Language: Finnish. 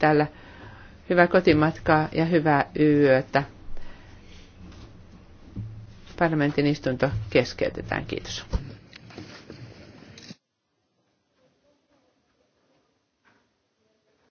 täällä. Hyvää kotimatkaa ja hyvää yötä. Parlamentin istunto keskeytetään. Kiitos.